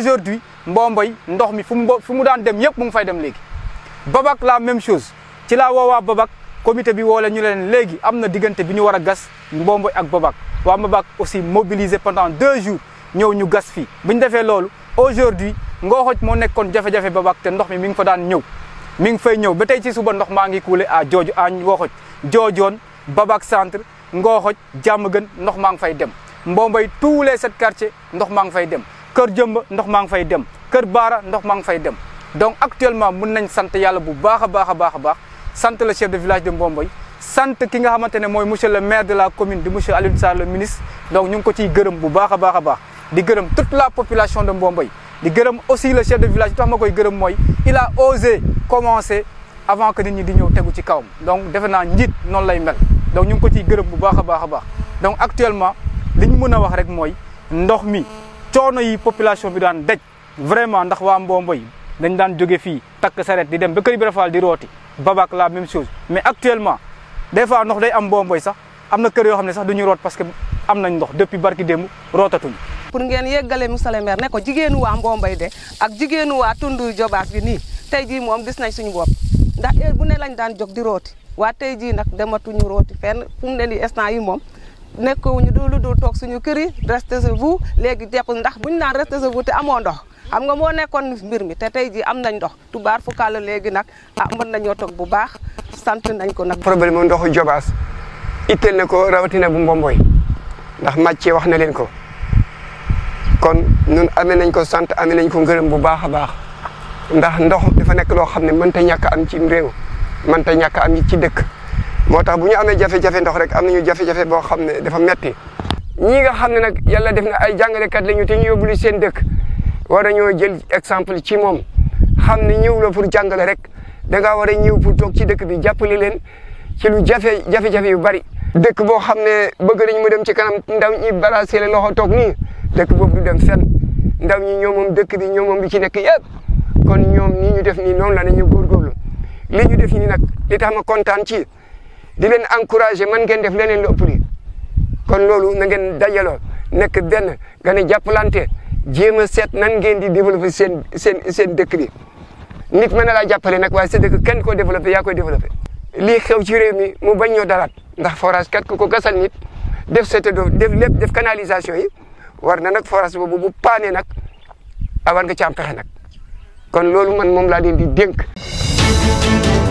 aujourd'hui Mbomboy ndox mi fu mu fu dem Yep, mu fay dem léegi Babak, la même chose ci la woowaa babak. comité bi woo la ñu leen léegi am na bi ñu war gas Mbomboy ak Babak. waa aussi mobilisé pendant deux jours Nyo ñu gas fii bu ñu aujourd'hui Ngooxoj moo nekkoon Jafé, Jafé, Babak. te ndox mi mi nyo. fa daan ñëw mi ngi fay ñëw ba ci ngi à jooju à Ngooxoj Jojo, Babak centre Ngooxoj jàmm gën ndox fay dem Mbomboy tous les sept quartiers ndox maa fay dem kër jëmb ndox ma ngi fay dem kër baara ndox ma ngi fay dem donc actuellement mun nañ sant yàlla bu baax a baax a baax a baax sant le chef de village de Mbomboy sant ki nga xamante ne mooy monsieur le maire de la commune di monsieur Alioune Sarr le ministre donc ñu ngi ko ciy gërëm bu baax a baax a baax di gërëm toute la population de Mbomboy di gërëm aussi le chef de village tax ma koy gërëm mooy il a osé commencer avant que nit ñi di ñëw tegu ci kawam donc defe naa njiit noonu lay mel donc ñu ngi ko ciy gërëm bu baax a baax a baax donc actuellement li ñu mën a wax rek mooy ndox mi coono yi population bi daan daj vraiment ndax waa Mbomboy dañ daan jóge fii takk saret di dem ba Kër Ibra Fall di rooti Babac la même chose mais actuellement des fois ndox day am Mbomboy sax am na kër yoo xam ne sax du ñu root parce que am nañ ndox depuis barki démb rootatuñ pour ngeen yeggale monsieur le maire ne ko jigéenu waa Mbomboy de ak jigéenu waa tundu jobaas bi nii tey jii moom gis nañ suñu bopp ndax heure bu ne lañ daan jog di rooti waa tey jii nag dematuñu rooti fenn fu mu ne nii yi moom nekkuñu du lu dul toog suñu kër yi rester chez vous léegi jekku ndax buñu naan rester chez te amoo ndox xam nga moo nekkoon mbir mi te tey ji am nañ ndox tubaar fu la léegi nag ah mën nañoo toog bu baax sant nañ ko nag. problème ndoxu Jobaas itteel na ko rawatina bu Mbomboy ndax Mathieu wax na leen ko kon ñun amee nañ ko sant amee nañ ko ngërëm bu baax a baax ndax ndox dafa nekk loo xam ne mënta ñàkk am ci réew mënta ñàkk am ci dëkk. moo tax bu ñu amee jafe-jafe ndox rek am nañu jafe-jafe boo xam ne dafa metti ñii nga xam ne nag yàlla def na ay jàngalekat lañu te ñu yóbbulu seen dëkk war nañoo jël exemple ci moom xam ne ñëw la pour jàngale rek da ngaa war a ñëw pour toog ci dëkk bi jàppale leen ci lu jafe jafe-jafe yu bari. dëkk boo xam ne bëgg nañ mu dem ci kanam ndaw ñi balaasee la loxo toog nii dëkk boobu du dem fenn ndaw ñi ñoo moom dëkk bi ñoo moom bi ci nekk yëpp kon ñoom nii ñu def nii noonu la ne ñu góorgóorlu li li di leen encouragé man ngeen def leneen lu ëpp kon loolu na ngeen dajaloo nekk benn nga ne jàppalante jéem a seet nan ngeen di développé seen seen seen dëkk bi nit mën na laa jàppale nag waaye sa dëkk kenn koo développé yaa koy développé lii xew ci réew mi mu bañoo ñoo ndax forage kat ku ko gasal nit def seetlu def lépp def canalisation yi war na nag forage boobu bu paane nag a ah war nga ci am pexe nag kon loolu man moom laa leen di dénk